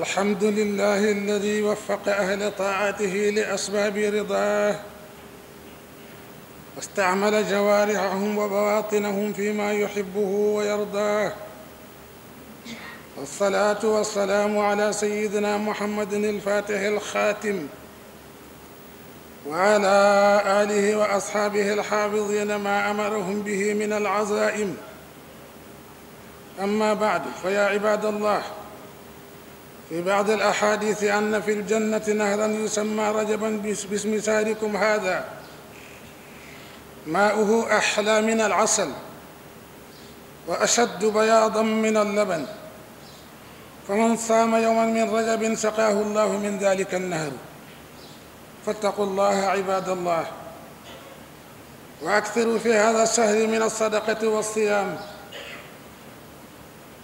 الحمد لله الذي وفق أهل طاعته لأسباب رضاه واستعمل جوارحهم وبواطنهم فيما يحبه ويرضاه والصلاة والسلام على سيدنا محمد الفاتح الخاتم وعلى آله وأصحابه الحافظين ما أمرهم به من العزائم أما بعد فيا عباد الله في بعض الأحاديث أن في الجنة نهرا يسمى رجبا باسم ساركم هذا ماؤه أحلى من العسل وأشد بياضا من اللبن فمن صام يوما من رجب سقاه الله من ذلك النهر فاتقوا الله عباد الله وأكثروا في هذا الشهر من الصدقة والصيام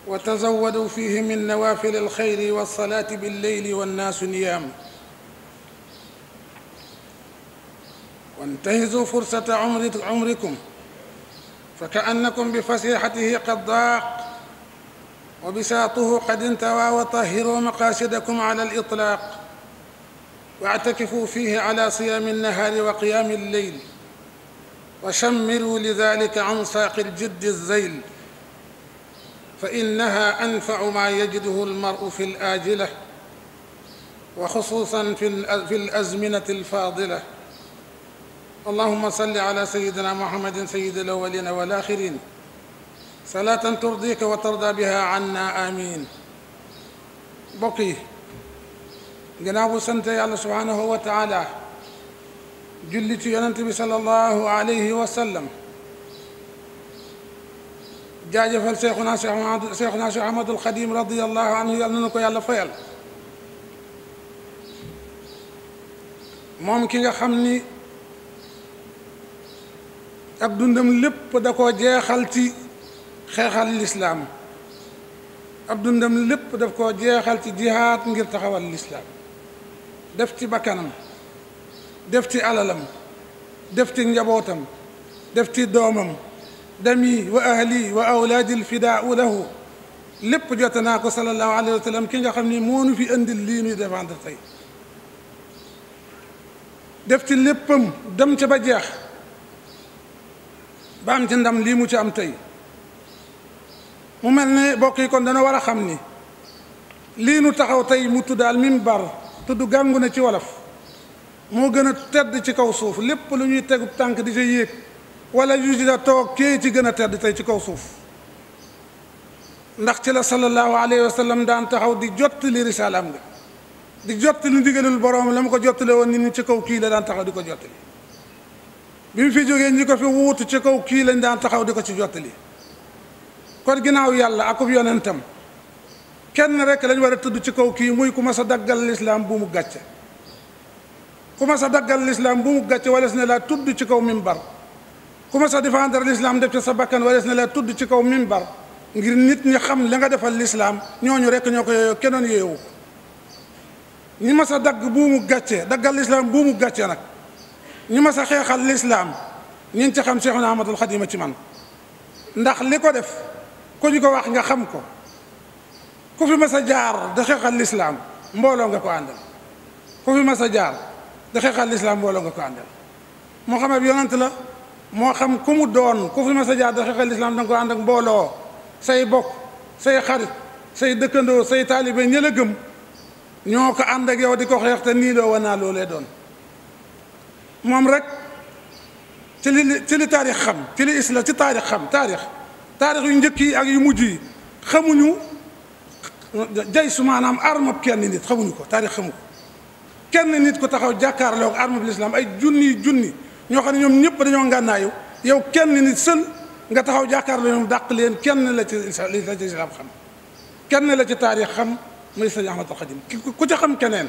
وتزودوا فيه من نوافل الخير والصلاة بالليل والناس نيام وانتهزوا فرصة عمركم فكأنكم بفسيحته قد ضاق وبساطه قد انتوى وطهروا مقاصدكم على الإطلاق واعتكفوا فيه على صيام النهار وقيام الليل وشمروا لذلك عن ساق الجد الذيل فإنها أنفع ما يجده المرء في الآجلة وخصوصا في الأزمنة الفاضلة اللهم صل على سيدنا محمد سيد الأولين والآخرين صلاة ترضيك وترضى بها عنا آمين bokk yi gannaaw bu sant yàlla subhaanahu wa taala julli ci yonent bi sallallahu alayhi wa sallam jaajëfal Cheikhuna Cheikh Ahmad Cheikhuna Cheikh Ahmadul Xadim radiyallahu anhu yal na nu ko yàlla fayal moom ki nga xam ni ab dundam lépp da koo jeexal ci xeexal lislaam ab dundam lépp daf koo jeexal ci jihaad ngir taxawal lislaam def ci bakkanam def ci alalam def ci njabootam def ci doomam dami wa ahli wa awlaadi lfidaau lahu lépp jot naa ko sallallahu alayhi wa sallam ki nga xam ni moo nu fi indi lii nuy défendre tey def ci léppam dem ci ba jeex ba ci ndam lii mu ci am tey mu mel ni bokk yi kon dana war a xam ni lii taxaw tey mu tuddaal mimbar tudd gàngu na ci wolof moo gën a tedd ci kaw suuf lépp lu ñuy tegu tànk di ca yéeg wala yujida toog kii ci gën a tedd tey ci kaw suuf ndax ci la sallallahu alayhi wa sallam daan taxaw di jottali risaalam nga di jottali ndigalul borom la mu ko jottale woon nit nii ci kaw kii la daan taxaw di ko jottali bi mu fi jógee ñi ko fi wuutu ci kaw kii lañ daan taxaw di ko ci jottali kon ginnaaw yàlla akub yonentam kenn rekk lañ war a tudd ci kaw kii muy ku mas a daggal lislaam bu mu gàcce ku mas a daggal lislaam bu mu gàcce wala si ne laa tudd ci kaw mimbar ku ma sa défendre l'islam def ci sa bakkan warees na la tudd ci kaw mimbar ngir nit ñi xam li nga defal ñoo ñooñu rek ñoo ko yeyoo keneen yeewu ñi ma sa dagg buumu gàccee daggal l'islam buumu gàcce nag ñi ma sa xeexal l'islam ñi ci xam Cheikhuna Ahmadul Xadima ci man ndax li ko def ku ñu ko wax nga xam ko ku fi ma sa jaar da xeexal l'islam mbooloo nga ko àndal ku fi ma sa jaar da xeexal l'islam mbooloo nga ko àndal Muhammad yonent la moo xam ku mu doon ku fi ma sa jaar xeexal islam da nga ko ànd ak mbooloo say bokk say xarit say dëkkandoo say taalibe ña la gëm ñoo ko ànd ak yow di ko xeex te nii doo wanaa loolee doon moom rek ci li ci li taarix xam ci li isla ci taarix xam taarix taarix yu njëkk yi ak yu mujj yi xamuñu jay su maanaam arme kenn nit xamuñu ko taarix xamu ko kenn nit ku taxaw jàkkaarloo ak arme ay junni junni ñoo xam ne ñoom ñëpp dañoo ngànnaayu yow kenn ni sël nga taxaw jàkkaarloo ñoom dàq leen kenn la ci la ci islam xam kenn la ci yi xam muy sëñ Ahmadul Xadim ku ca xam keneen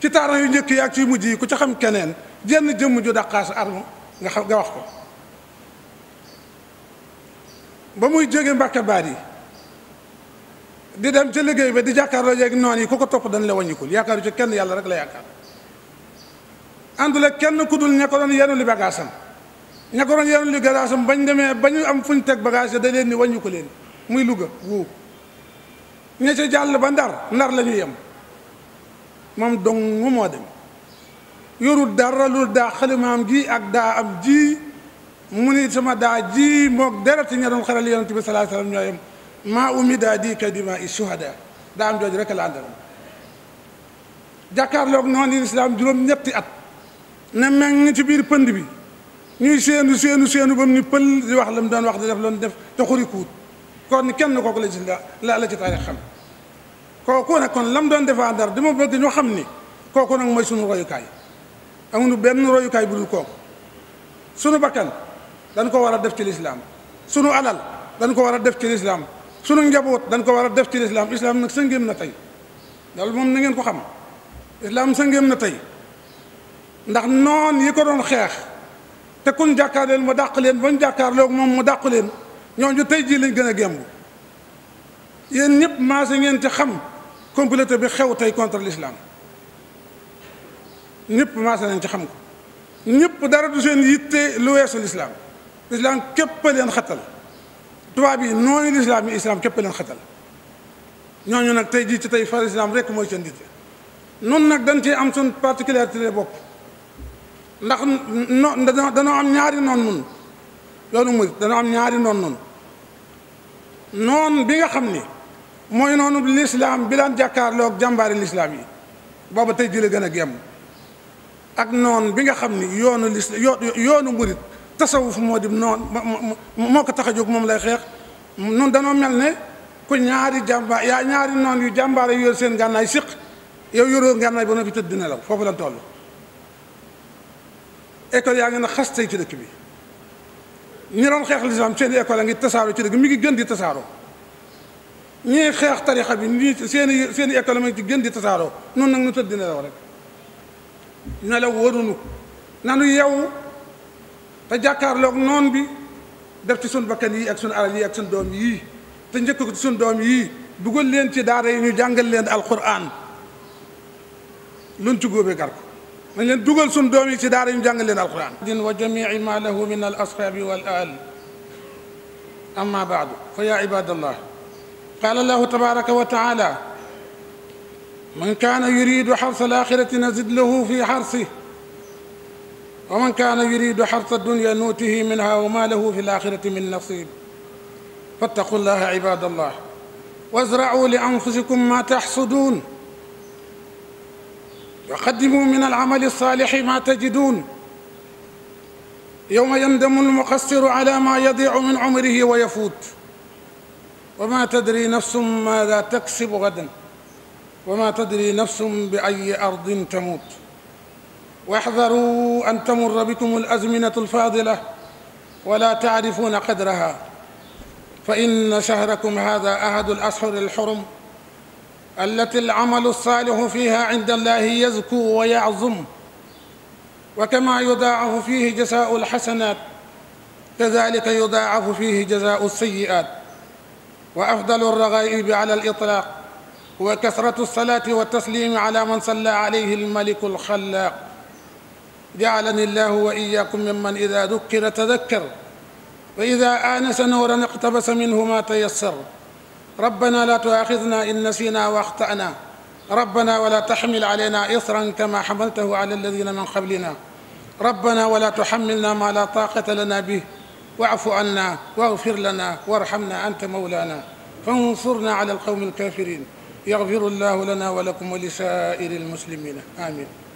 ci taarix yu njëkk yi ak ci mujj yi ku ca xam keneen jenn jëmm ju dàqaas arme nga xam nga wax ko ba muy jóge Mbàkke baar yi di dem ca liggéey ba di jàkkaarloo yeeg noon yi ku ko topp dañ la wàññikul yaakaaru ci kenn yàlla rek la yaakaar àndul kenn ku dul ña ko doon yenu li bagaasam ña ko doon yenu li bañ demee ba am fuñ teg bagage da leen ni wàññi ko leen muy luga wuu ña ca ba ndar nar lañu yem moom dong moo dem yorul dara lu daa xalimaam ji ak daa am ji mu sama daa ji moog derati ña doon xaral yonent bi sallallahu yem maa umi daa di kay i shuhada daa am jooju rek la àndal jàkkaarloog noonu lislaam juróom ñetti at ne meŋ ci biir pënd bi ñuy séenu séenu seenu ba mu ni pël di wax la mu doon wax di def loon def te xurikuut kon kenn kooku la ci la la ci taarix xam kooku nag kon lam doon defaa dara dama bëgg ñu xam ni kooku nag mooy suñu royukaay nu benn royukaay bu dul kooku suñu bakkan dañ ko war a def ci lislaam sunu alal dañ ko war a def ci lislaam suñu njaboot dañ ko war a def ci lislaam islaam nag sëngéem na tey loolu moom na ngeen ko xam islaam sëngéem na tey ndax noon yi ko doon xeex te kun jàkkaar leen mu dàq leen ba ñu jàkkaarloog moom mu dàq leen ñooñu tey jii lañ gën a gémb yéen ñëpp maase ngeen ci xam complété bi xew tey contre l'islam ñëpp maase nañ ci xam ko ñëpp dara du seen yitte lu weesu l'islam l'islam képp a leen xatal tubaab yi noonu l'islam yi islam képp a leen xatal ñooñu nag tey jii ci tey far islam rek mooy seen yitte noonu nag dañ cee am suñ particularité bopp ndax non danoo am ñaari noon mun yoonu danoo am ñaari noon noon noon bi nga xam ni mooy noonu lislaam bi daan jàkkaarlook ak jàmbaari lislaam yi booba tey jii gën a gem ak noon bi nga xam ni yoonu lis yoonu murit tasawuf moo di noon moo ko tax a jóg moom lay xeex nun danoo mel ne ku ñaari jàmbaar yaa ñaari noon yu yu yor seen gànnaay siq yow yoroo ngànnaay ba noppi tëdd nelaw foofu lan toll école yaa ngi na xas tey ci dëkk bi ñi doon xeex lislaam seen école a ngi tasaaroo ci dëkk mi ngi gën di tasaaroo ñii xeex tarixa bi seeni seeni école mi ngi ci gën di tasaaroo noonu nag nu tëdd nelaw rek nelaw warunu nanu yeewu te jàkkaarloog noon bi def ci sun bakkan yii ak sun alal yii ak sun doom yii te njëkk ko ci sun doom yii dugal leen ci daara yi ñu jàngal leen alquran luñ ci góobee gar ko dañ leen dugal suñ doom yi ci daara ñu jàng leen alquran din wa jamii ma lahu min al asxaabi wal aal amma baadu fa yaa ibadallah qaala allahu tabaraka wa taala man kaana yuridu xarsa alaxirati nazid lahu fi xarsi wa man kaana yuridu xarsa dunya nuutihi minha wa ma lahu fi alaxirati min nasib fattaqu llaha ibadallah wazra'u li anfusikum ma taxsuduun وقدموا من العمل الصالح ما تجدون يوم يندم المقصر على ما يضيع من عمره ويفوت وما تدري نفس ماذا تكسب غدا وما تدري نفس بأي أرض تموت واحذروا أن تمر بكم الأزمنة الفاضلة ولا تعرفون قدرها فإن شهركم هذا أحد الأشهر الحرم التي العمل الصالح فيها عند الله يزكو ويعظم وكما يضاعف فيه جزاء الحسنات كذلك يضاعف فيه جزاء السيئات وأفضل الرغائب على الإطلاق هو كثرة الصلاة والتسليم على من صلى عليه الملك الخلاق جعلني الله وإياكم ممن إذا ذكر تذكر وإذا آنس نورا اقتبس منه ما تيسر ربنا لا تؤاخذنا إن نسينا وأخطأنا ربنا ولا تحمل علينا إصرا كما حملته على الذين من قبلنا ربنا ولا تحملنا ما لا طاقة لنا به واعف عنا واغفر لنا وارحمنا أنت مولانا فانصرنا على القوم الكافرين يغفر الله لنا ولكم ولسائر المسلمين آمين